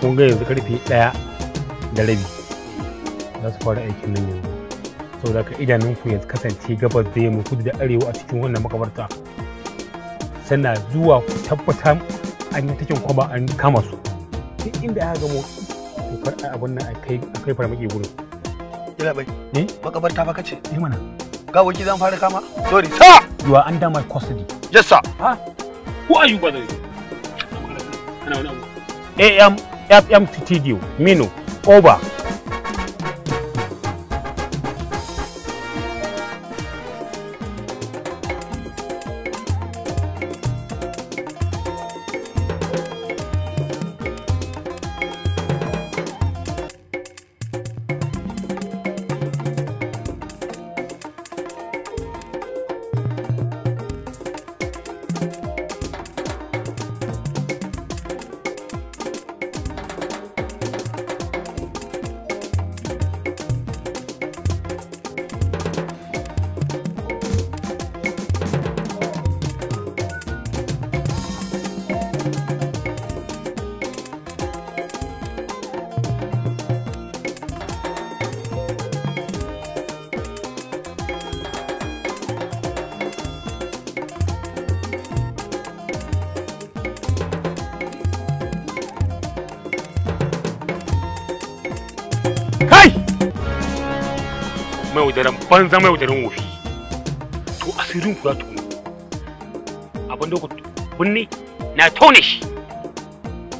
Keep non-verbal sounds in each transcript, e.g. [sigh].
kun ga yanzu karfe ɗaya da rabi za su fara aikin nan yanzu saboda ka idanunku yanzu kasance gabas da yamma kudu da arewa a cikin wannan makabarta sannan zuwa ku tabbata an yi takin kwaba an kama su duk inda aka gamo to a abin nan a kai farmaki gurin ila bai ne eh? makabarta ba kace eh mana ga waki zan fara kama sorry sa you are under my custody yes sir ha who are you brother kana am 'ya'yan fitidiyo mino oba kai mai wudaran banza mai wudaran wofi to asirin ku za ta abin da ku binne na taune shi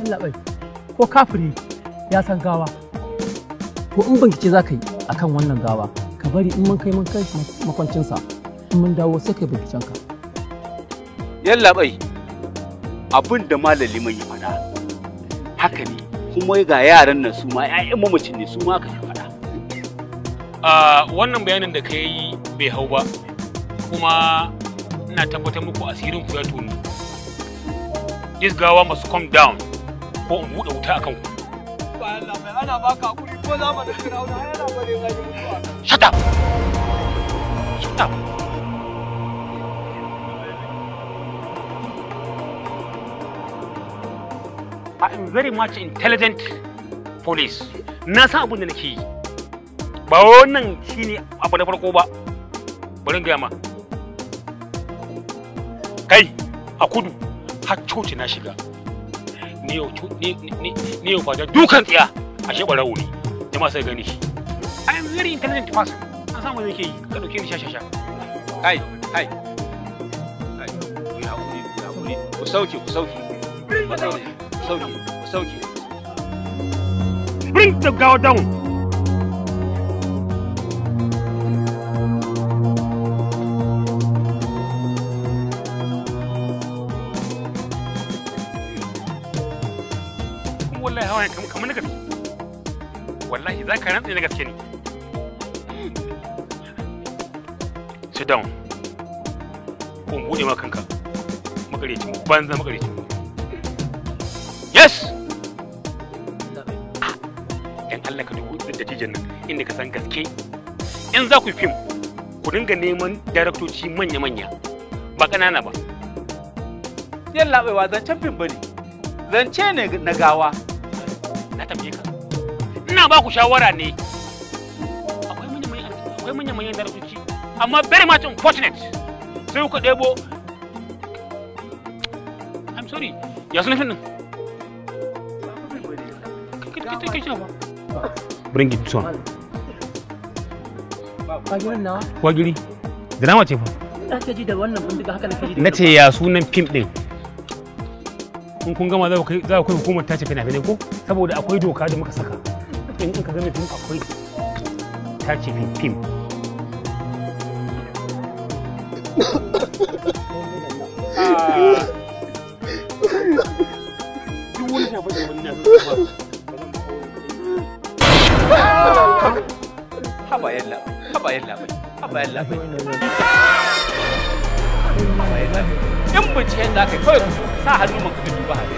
Allah bai ko kafiri ya san gawa ko in bincike za ka yi akan wannan gawa ka bari in mun kai mun kai makwancinsa in mun dawo sai ka can ka yalla bai abin da malami mai mana haka ne kuma ga yaran nan su ma ƴaƴan mamacin ne su ma ka faɗa a wannan bayanin da ka yi bai hau ba kuma ina tabbatar muku asirin ku ya tono this gawa must come down ko in buɗe wuta akan ku ana baka hakuri ko zamanin firawuna yana bare Shut up! Shut up! am very much intelligent police na san abin da nake yi ba wannan shine abu na farko ba bari ga ma kai a kudu har coci na shiga ni yau ni yau fada dukan tsiya a shi barawo ne jama sai gani shi i am very intelligent person na san abin da nake yi ka dauke ni shashasha kai sha kai kai ku sauke ku sauke sauke ku sauke bring the gawa down wallahi hawaye kamar na gaske wallahi za ka rantsi na gaske ne sit down ko buɗe ma kanka makarecin banza makarecin yes ah, dan Allah ka dubu da tijan nan inda ka san gaske in za ku fim ku dinga neman daraktoci manya-manya ba ƙanana ba yalla bai wa zancen fim bane zance ne na gawa na tambaye ka ina ba ku shawara ne akwai manya manya daraktoci amma very much unfortunate sai ku debo I'm sorry, ya sunan nan. Bring it son. Kwagirin nawa? Kwagiri. Da nama ce fa. Ina ya sunan fim ɗin? In kun gama za ku kai tace fina-finai ko? Saboda akwai doka da muka saka. In [coughs] [coughs] haba yalla haba yalla bai haba yalla haba yalla in binciken da kai kawai ku sa hannun mun ka duba hali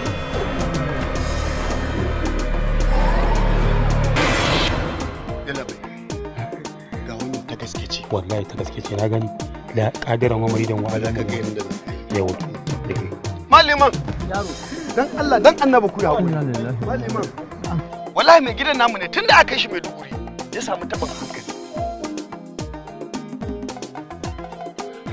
yalla ga wani ta gaske ce wallahi ta gaske ce na gani da kadiran mamari dan wa'azi ka ga inda yau maliman yaro dan Allah dan annabi ku ya hakuri maliman wallahi mai gidan namu ne tunda aka yi shi mai duguri ya samu tabbata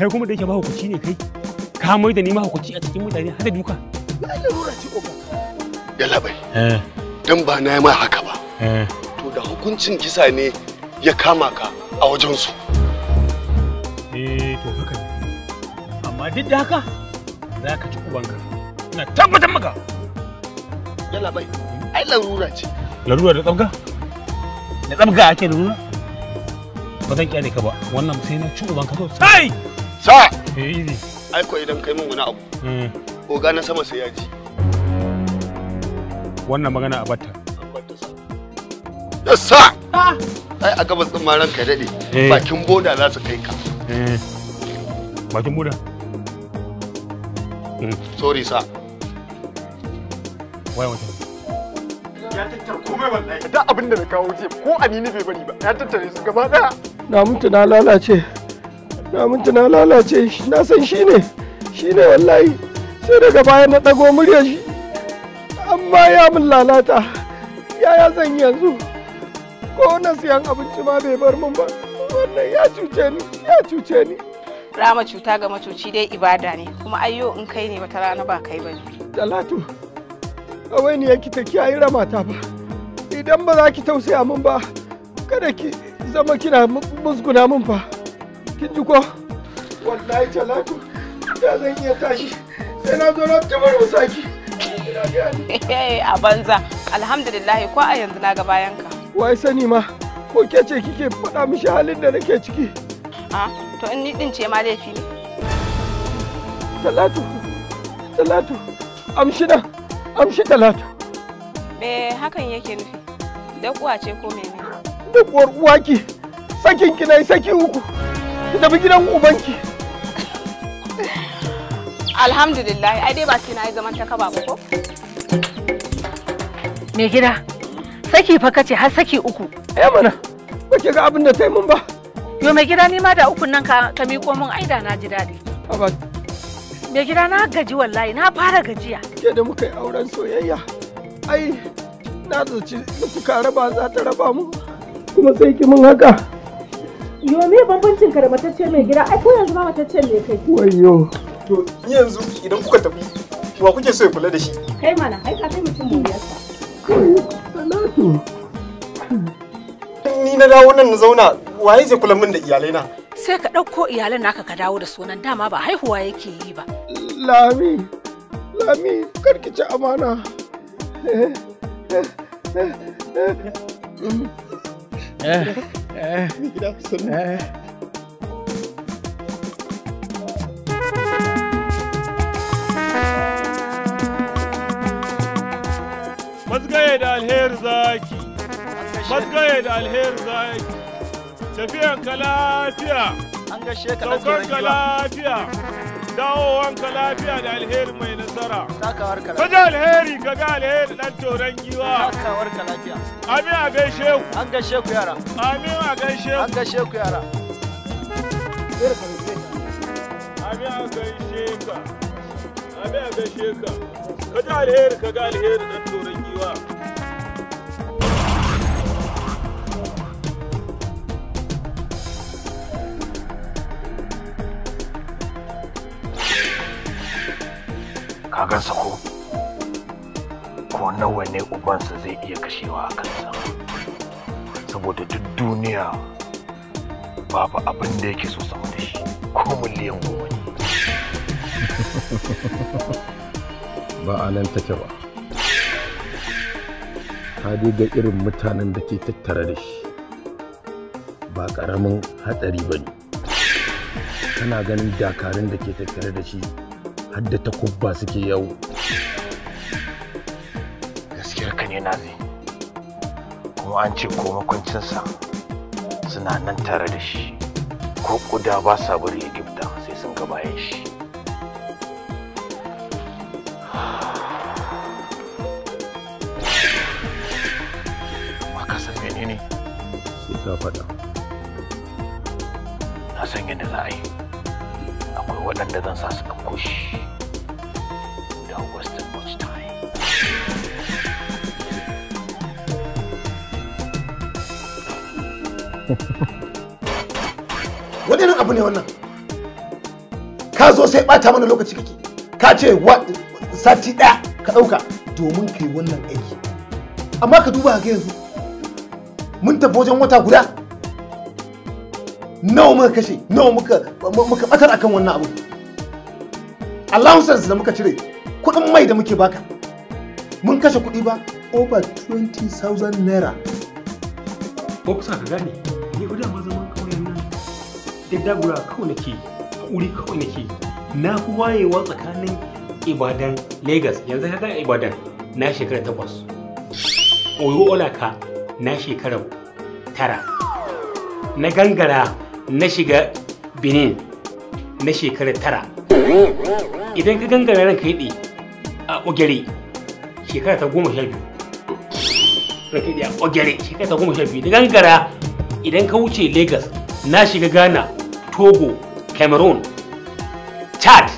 kai kuma da yake hukunci ne kai ka mai da ni hukunci a cikin mutane har da duka na lura ce oga yalla bai eh. dan ba na mai haka ba eh. to da hukuncin kisa ne ya kama ka a wajen su eh to haka ne amma duk da haka za ka ci ubanka ina tabbatar maka yalla bai ai larura ce larura da tsabga da tsabga ake larura ba zan kyale ka ba wannan sai na ci ka sosai sa ai ko idan kai min wani abu hmm. oga na sama sai ya ji wannan magana a batta yassa ah! ai a gabas din ma ranka daɗe. Eh. bakin boda za su kai ka eh. bakin boda hmm. sorry sa wai wata ya tattara komai wallahi da abin da na kawo jiya ko amini bai bari ba ya tattare su gaba ɗaya. na mutu na lalace na minti na lalace shi na san shi ne shi ne wallahi sai daga baya na ɗago murya shi amma ya min lalata yaya zan yanzu ko na siyan abinci ma bai bar min ba wannan ya cuce ni ya cuce ni rama cuta ga macuci dai ibada ne kuma ayyo in kai ne wata rana ba kai ba ne talatu kawai ne yake ta kiyaye ta ba idan ba za ki tausaya min ba kada ki zama kina musguna min fa kin ji ko wallahi talatu da zan iya tashi sai na zo na tumar musaki a banza alhamdulillah ko a yanzu na ga bayanka? ka wai sani ma ko ke ce kike faɗa mishi halin da nake ciki a ah, to in ni din ce ma laifi ne talatu talatu amshi da amshi talatu me hakan yake nufi da ce ko mene da uwa ki, sakin ki na yi saki uku ki tafi gidan ubanki alhamdulillah ai dai ba ki na yi zaman ta kaba ba ko me gida saki fa kace har saki uku eh mana ba ki ga abin da ta yi mun ba yo me gida ni ma da ukun nan ka ka miko mun aida na ji dadi aba me gida na gaji wallahi na fara gajiya ke da muka yi auren soyayya ai na zaci ka raba za ta raba mu kuma sai ki mun haka Yo me bambancin kare da matacce mai gida ai ko yanzu ma matacce ne kai. Wayyo. To yanzu idan kuka tafi wa kuke so ya kula da shi? Kai mana ai ka kai mutum muryarsa. Salatu. Ni na dawo nan na zauna waye zai kula min da iyalai na? Sai ka ɗauko iyalan naka ka dawo da sunan dama ba haihuwa yake yi ba. Lami, Lami, karki ci amana. Eh. eh, eh, eh. آه. آه. Mazgaya da alheri zaki, mazgaya da alheri zaki, tafiyanka lafiya, saukarka lafiya. dawowanka lafiya da alheri mai nasara ka ji alheri ka ga alheri dan toron giwa amin a gaishe ku an gaishe ku yara amin a gaishe ku an gaishe ku yara amin a gaishe ka amin a gaishe ka ka ji alheri ka ga alheri dan toron giwa ka gansa ko ko nawa ne ubansa zai iya kashewa a kansa saboda duk duniya babu abin da yake so sama da shi ko miliyan goma ne [laughs] ba a nan take ba ka ga irin mutanen da ke tattare da shi ba karamin hatsari ba ne kana ganin dakarun da ke tattare da shi da takubba suke yawo gaskiyar ka ne nazi kuma an ce ko makwancinsa suna nan tare da shi ko kuda ba sa bari ya sai sun ga bayan shi makasar menene sai na san yadda za a yi akwai waɗanda zan sa su ɗauko wani irin abu ne wannan ka zo sai bata mana lokaci kake ka ce sati ɗaya ka ɗauka domin ka yi wannan aiki amma ka duba ga yanzu mun tafi wajen wata guda nawa muka kashe nawa muka muka batar akan wannan abu allowances da muka cire kuɗin mai da muke baka mun kashe kuɗi ba over 20,000 naira ko kusa ka gane dama zaman kauyen nan da dagura kawai nake haƙuri kawai nake na fi wayewa tsakanin ibadan lagos yanzu ka gane ibadan na shekara takwas oyo olaka na shekara tara na gangara na shiga benin na shekara tara idan ka gangara ranka yi a ogere shekara ta goma sha biyu ranka yi a ogere shekara ta goma sha biyu da gangara idan ka wuce Lagos na shiga Ghana, Togo, Cameroon, Chad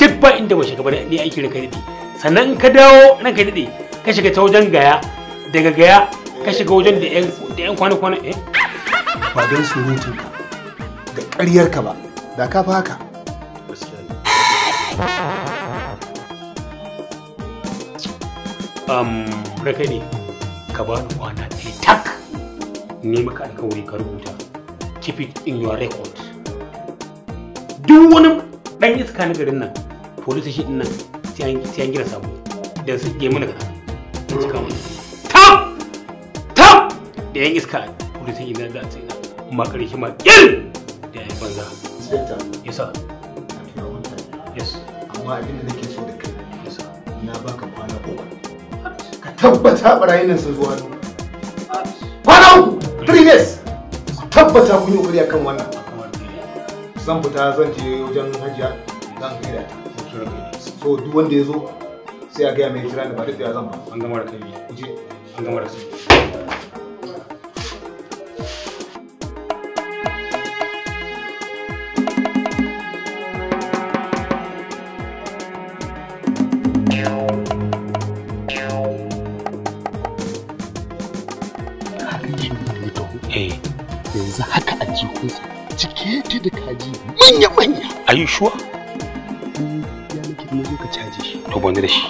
duk ba inda ba shiga ba ne aiki ranka daɗe. Sannan in ka dawo ranka dade, ka shiga ta wajen gaya daga gaya ka shiga wajen da 'yan kwana-kwana eh? Ba don ka da ka ba da ka fa haka. um, raka ne ka ba ni kwana ne maka alƙawari ka rubuta keep it in your record duk wani dan iska na garin nan police shi din nan sai an gina sabo dan su je mana ka ta ta da yan iska police shi da sai na ma karshe ma il da yan banza sita yes yes amma abin da nake so da kai yes na baka kwana uku ka tabbata barayin nan sun zuwa hannu 3 days tabbata kun yi kokari akan wannan zan fita zan je wajen hajiya zan gaida ta so duk wanda ya zo sai a gaya mai jira da ba da zan ba an gama da kai je an gama da kai Thank you. eh yanzu haka a jikinsa cike yake da kaji manya manya A you shuwa? ya nake kuma zo ka caji shi to bani da shi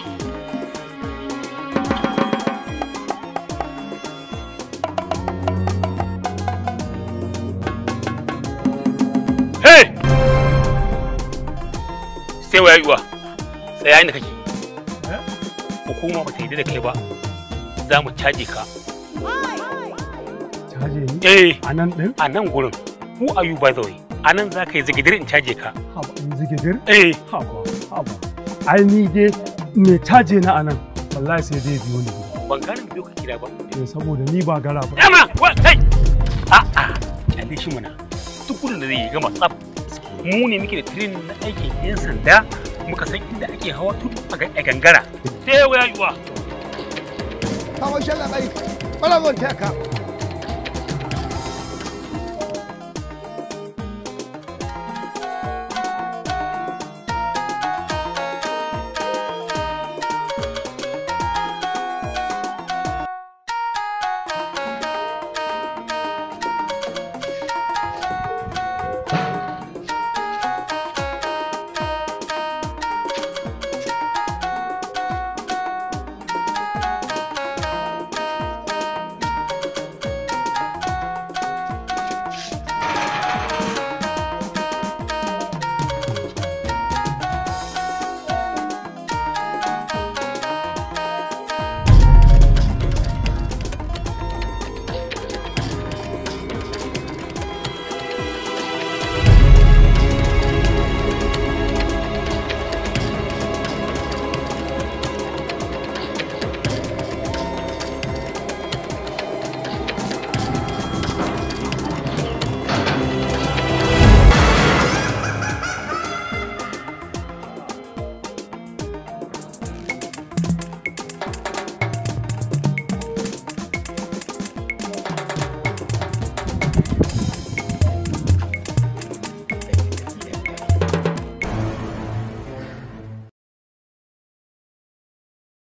sai wa yayi sai tsaya inda kake eh? hukuma ba ta yi da kai ba za mu caje ka aje ni? Eh. A nan ɗin? A nan gurin. Who are you by the way? A nan za ka yi zigidir in caje ka. Haba, in zigidir? Eh. Haba, haba. Ai ni dai me caje na a nan wallahi sai zai biyo ni. Ban gane biyo ka gida ba. Eh saboda ni ba gara ba. Dama, wa kai. A'a, kyale shi muna. Duk gudun da zai yi gama tsaf. Mu ne muke da tirin na aikin 'yan sanda muka san inda ake hawa tutu a gangara. Sai waya yiwa. Kawo shalla bai, ɓarawar taka.